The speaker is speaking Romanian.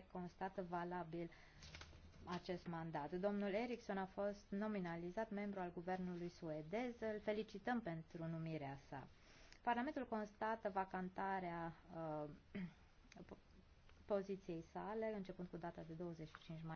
se constată valabil acest mandat. Domnul Eriksson a fost nominalizat membru al guvernului suedez. Îl felicităm pentru numirea sa. Parlamentul constată vacantarea uh, poziției sale, începând cu data de 25 mai.